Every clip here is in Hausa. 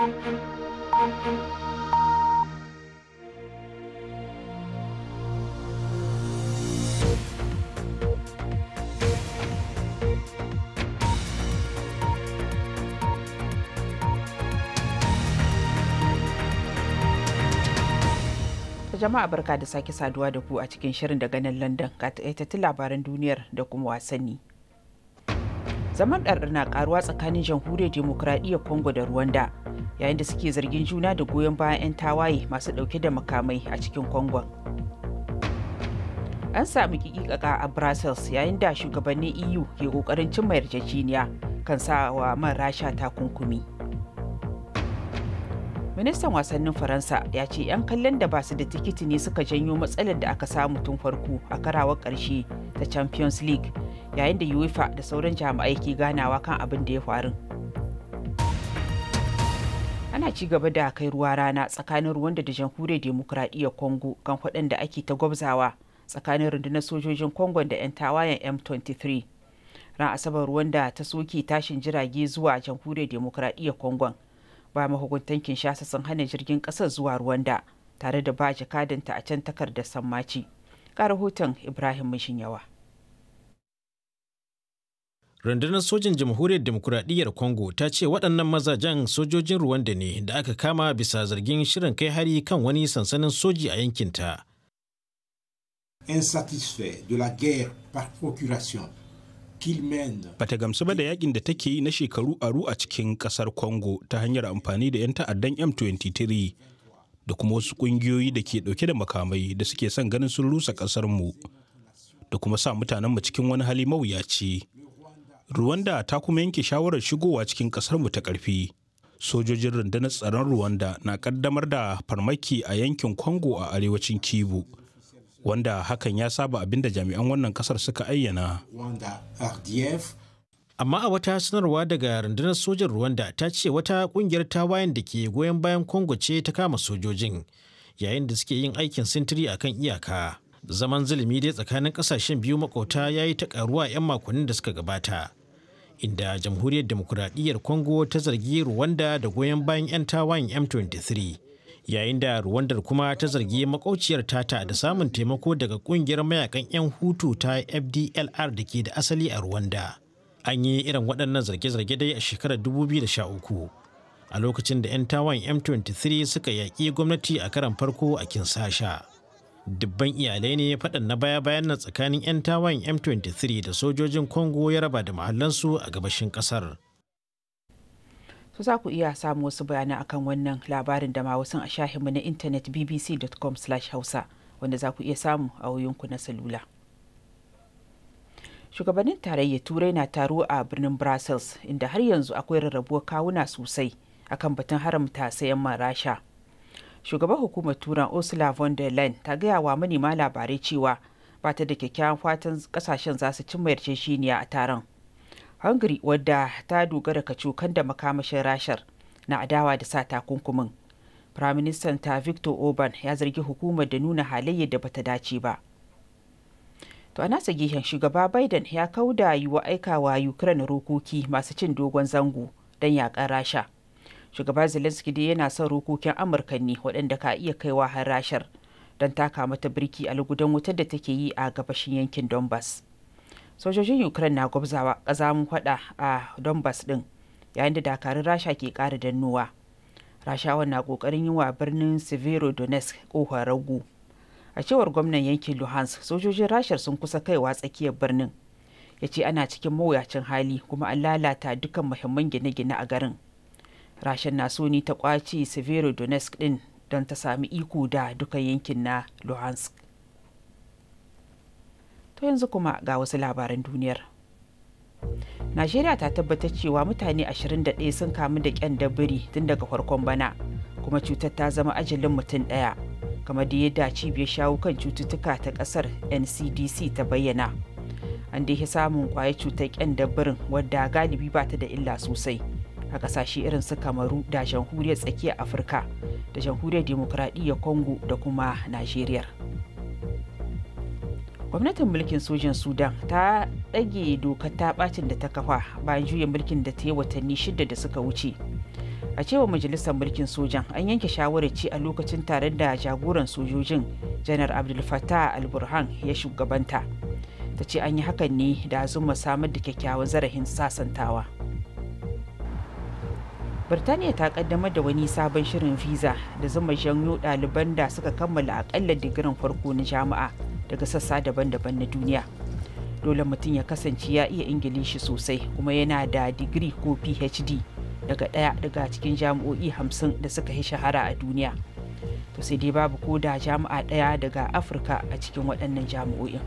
jama'a barka da sake saduwa da ku a cikin shirin daga nan london ga taƙaitattun labaran duniyar da kuma wasanni zaman ɗarɗar na ƙaruwa tsakanin jamhuriyar demokuraɗiyyar congo da rwanda yayin da suke zargin juna da goyon bayan 'yan tawaye masu dauke da makamai a cikin kongon an sami kikikaka a brussels yayin da shugabannin eu ke kokarin cimma yarjejeniya kan sa wa man rasha takunkumi ministan wasannin faransa ya ce 'yan kallon da basu da tikiti ne suka janyo matsalar da aka samu tun farko a karawar karshe ta champions league yayin da uefa da sauran jami'ai ke ganawa kan abin da ya faru ana ci gaba da kai ruwa rana tsakanin ruwan da jamhuriyar demokuraɗiyyar congo kan kwaɗin da ake ta gwabzawa tsakanin rundunar sojojin congo da 'yan tawayen m23 ran asabar ruwan da ta soke tashin jirage zuwa jamhuriyar demokuraɗiyyar congo ba mahukuntan kinshasa sun hana jirgin ƙasar zuwa ruwan da tare da ba jakadanta a can takardar sammaci ka rahoton ibrahim yawa rundunar sojin jamhuriyar demokuraɗiyyar congo ta ce waɗannan mazajen sojojin ruwanda ne da aka kama bisa zargin shirin kai hari kan wani sansanin soji a yankinta ta. de Bata gamsu ba da yakin da take yi na shekaru aru a cikin kasar Congo ta hanyar amfani da 'yan ta'addan M23 da kuma wasu kungiyoyi da ke dauke da makamai da suke son ganin sun rusa kasar mu da kuma sa mutanenmu cikin wani hali mawuyaci. ruwanda ta kuma yanke shawarar shigowa cikin mu ta ƙarfi. Sojojin rundunar tsaron ruwanda na ƙaddamar da farmaki a yankin Congo a arewacin Kivu, wanda hakan ya saba abin da jami'an wannan ƙasar suka ayyana. Amma a wata sanarwa daga rundunar sojan ruwanda ta ce wata ƙungiyar wayan da ke goyon bayan Congo ce ta kama sojojin, yayin da suke yin aikin sintiri a kan iyaka. Zaman zulumi dai tsakanin ƙasashen biyu makauta ya yi ta ƙaruwa 'yan makonnin da suka gabata. inda jamhuriyar demokuraɗiyyar congo ta zargi ruwanda da goyon bayan 'yan tawayin m23 yayin da ruwandar kuma ta zargi makauciyar tata da samun taimako daga kungiyar mayakan 'yan hutu ta fdlr da ke da asali a ruwanda, an yi irin waɗannan zarge-zarge dai a shekarar 2013 a lokacin da 'yan tawayin m23 suka yaƙi gwamnati a karan farko a kinsasha dubban iyalai ne faɗan na baya-bayan nan tsakanin 'yan tawayen m23 da sojojin congo ya raba da mahallansu a gabashin kasar. su za ku iya samu wasu bayanan akan wannan labarin da ma wasu a shahinmu na intanet bbc.com hausa wanda za ku iya samu a na salula shugabannin tarayyar turai na taro a birnin brussels inda har yanzu akwai rarrabuwar kawuna sosai akan batun haramta sayan marasha rasha shugaban hukumar turan ursula von der leyen ta gaya wa manema labarai cewa ba ta da kyakkyawan fatan kasashen za su cimma yarjejeniya a taron hungary wadda ta dogara kacokan da makamashin rashar na adawa da sa takunkumin firaministan ta victor orban ya zargi hukumar da nuna halayyar da bata dace ba to a nasa shugaba biden ya kauda wa aikawa ukraine rokoki masu cin dogon zango don yakan rasha shugaba zelensky dai yana son rokokin amurka ne waɗanda ka iya kaiwa har rashar don taka mata birki a lugudan wutar da take yi a gabashin yankin donbass sojojin ukraine na gwabzawa mun faɗa a donbass ɗin yayin da dakarun rasha ke ƙara dannuwa rashawan na ƙoƙarin yi wa birnin severodonetsk ƙohon ragu a cewar gwamnan yankin luhansk sojojin rashar sun kusa kaiwa tsakiyar birnin ya ce ana cikin mawuyacin hali kuma an lalata dukkan muhimman gine-gine a garin rashin na so ne ta kwace severo donetsk din don ta sami iko da duka yankin na luhansk to yanzu kuma ga wasu labaran duniyar najeriya ta tabbatar cewa mutane 21 sun kamu da kyan dabiri tun daga farkon bana kuma cutar ta zama ajalin mutum ɗaya kamar da yadda cibiyar shawo kan cututtuka ta ƙasar ncdc ta bayyana an dai samun kwayar cutar kyan dabirin wadda galibi ba ta da illa sosai a kasashe irin su kamaru da jamhuriyar tsakiyar afirka da jamhuriyar demokradiyyar congo da kuma nigeria gwamnatin mulkin sojan sudan ta ɗage dokar ta ɓacin da ta kafa bayan juya mulkin da ta yi watanni shida da suka wuce a cewa majalisar mulkin sojan an yanke shawarar ci a lokacin tare da jagoran sojojin janar abdul fattah al ya shugabanta ta ce an yi hakan ne da azuma samar da kyakkyawan zarafin sasantawa birtaniya ta kaddamar da wani sabon shirin visa da zama janyo ɗaliban da suka kammala akalla digirin farko na jami'a daga sassa daban-daban na duniya dole mutum ya kasance ya iya ingilishi sosai kuma yana da digiri ko phd daga ɗaya daga cikin jami'o'i hamsin da suka yi shahara a duniya to sai dai babu ko da jami'a ɗaya daga afirka a cikin waɗannan jami'o'in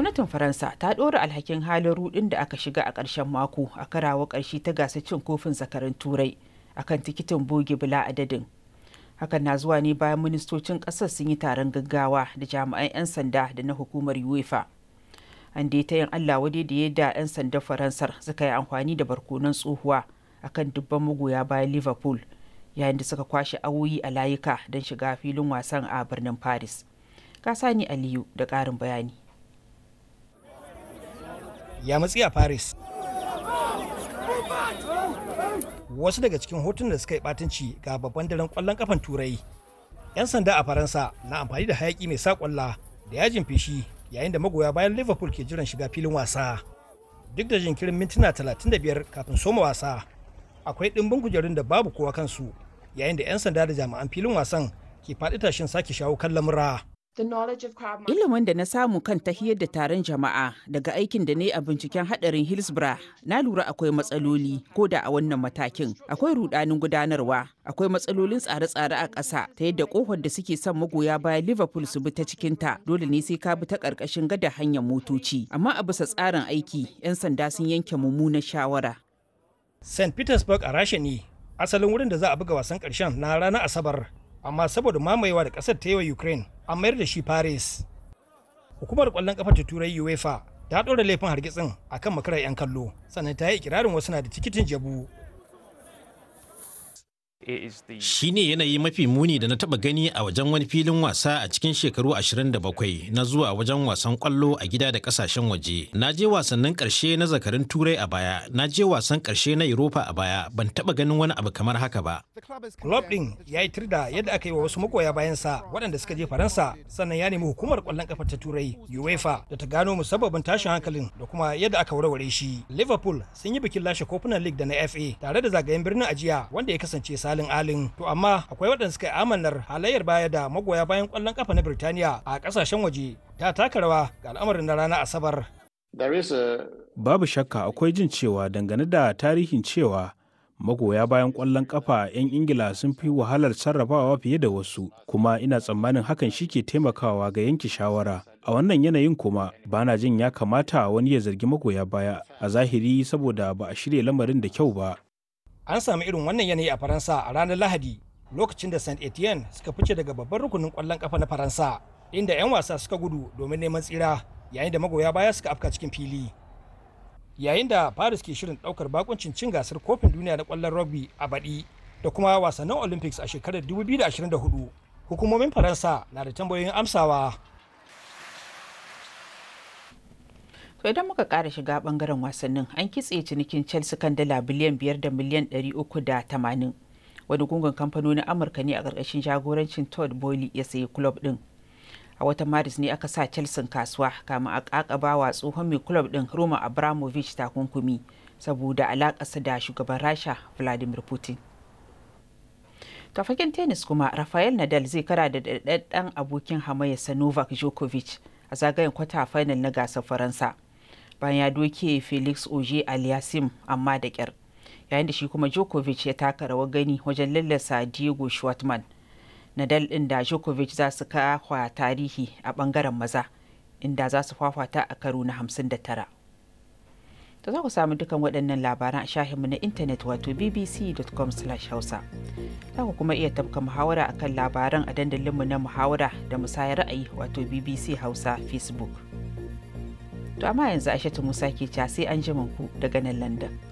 gwamnatin faransa ta ɗora alhakin halin rudin da aka shiga a ƙarshen mako a karawa ƙarshe ta gasar cin kofin zakarin turai a kan tikitin bogi bila adadin hakan na zuwa ne bayan ministocin ƙasar sun yi taron gaggawa da jami'an 'yan sanda da na hukumar uefa an dai ta yin allah wadai da yadda 'yan sandan faransar suka yi amfani da barkonon tsohuwa akan dubban magoya bayan liverpool yayin da suka kwashe awoyi a layuka don shiga filin wasan a birnin paris kasani aliyu da ƙarin bayani ya matsi a paris wasu daga cikin hotunan da suka yi batunci ga babban daren kwallon kafan turai 'yan sanda a faransa na amfani da hayaki mai sa kwalla da yajin fishi yayin da magoya bayan liverpool ke jiran shiga filin wasa duk da jinkirin mintuna 35 kafin soma wasa akwai ɗimbin kujerun da babu kowa kansu yayin da 'yan sanda da jami'an filin wasan ke faɗi tashin sake shawo kan lamura Ilimin da na samu kan tahiyar da taron jama'a daga aikin da ne a binciken hadarin Hillsborough na lura akwai matsaloli ko da a wannan matakin. Akwai rudanin gudanarwa, akwai matsalolin tsare-tsare a ƙasa ta yadda kohon da suke son magoya bayan Liverpool su bi ta cikinta dole ne sai ka bi ta ƙarƙashin gada hanyar motoci. Amma a bisa tsarin aiki 'yan sanda sun yanke mummunan shawara. St. Petersburg a Rasha ne asalin wurin da za a buga wasan ƙarshen na ranar Asabar amma saboda mamayewa da ƙasar ta yi wa Ukraine an mayar da shi paris hukumar kwallon kafa ta turai uefa ta ɗora laifin hargitsin akan makarar 'yan kallo sannan ta yi ikirarin wasu na da tikitin jabu Shi ne yanayi mafi muni da na taba gani a wajen wani filin wasa a cikin shekaru 27 na zuwa wajen wasan kwallo a gida da kasashen waje. Na je wasannin karshe na zakarin turai a baya, na je wasan karshe na Europa a baya, ban taba ganin wani abu kamar haka ba. Club din ya yi turda yadda aka yi wa wasu magoya bayansa waɗanda suka je Faransa, sannan ya nemi hukumar kwallon kafar ta turai UEFA da ta gano musabbabin tashin hankalin da kuma yadda aka warware shi. Liverpool sun yi bikin lashe kofunan League da na FA tare da zagayen birnin ajiya wanda ya kasance sa salin alin to amma akwai waɗanda suka amanar halayyar baya da magoya bayan ƙwallon ƙafa na Birtaniya a ƙasashen waje ta taka rawa ga al'amarin na ranar Asabar. Babu shakka akwai jin cewa dangane da tarihin cewa magoya bayan ƙwallon ƙafa 'yan ingila sun fi wahalar sarrafawa fiye da wasu kuma ina tsammanin hakan shi ke taimakawa ga yanke shawara a wannan yanayin kuma ba na jin ya kamata wani ya zargi magoya baya a zahiri saboda ba a shirya lamarin da kyau ba an sami irin wannan yanayi a faransa a ranar lahadi lokacin da saint etienne suka fice daga babban rukunin kwallon kafa na faransa inda 'yan wasa suka gudu domin neman tsira yayin da magoya baya suka afka cikin fili yayin da paris ke shirin daukar bakuncin cin gasar kofin duniya na kwallon rugby a baɗi da kuma wasannin olympics a shekarar 2024 hukumomin faransa na da tambayoyin amsawa To idan muka kara shiga bangaren wasannin an kitse cinikin Chelsea kan dala biliyan biyar da miliyan ɗari uku da tamanin. Wani gungun kamfanonin Amurka ne a ƙarƙashin jagorancin Todd boyle ya sayi kulob ɗin. A wata Maris ne aka sa Chelsea kasuwa kama a ƙaƙaba wa tsohon mai kulob ɗin Roma Abramovich takunkumi saboda alaƙarsa da shugaban Rasha Vladimir Putin. tafakin tennis kuma rafael nadal zai kara da daɗaɗɗen abokin hamayyarsa novak djokovic a zagayen kwata final na gasar faransa bayan ya doke felix oje aliasim amma da kyar yayin da shi kuma djokovic ya taka rawar gani wajen lallasa diego schwartzman nadal din da djokovic za su kawa tarihi a bangaren maza inda za su fafata a karo na 59 ta za ku samu dukan waɗannan labaran a shahinmu na intanet wato bbc.com hausa za ku kuma iya tafka muhawara a kan labaran a dandalinmu na muhawara da musayar ra'ayi wato bbc hausa facebook to amma yanzu aishatu musa ke ca sai an ku daga nan london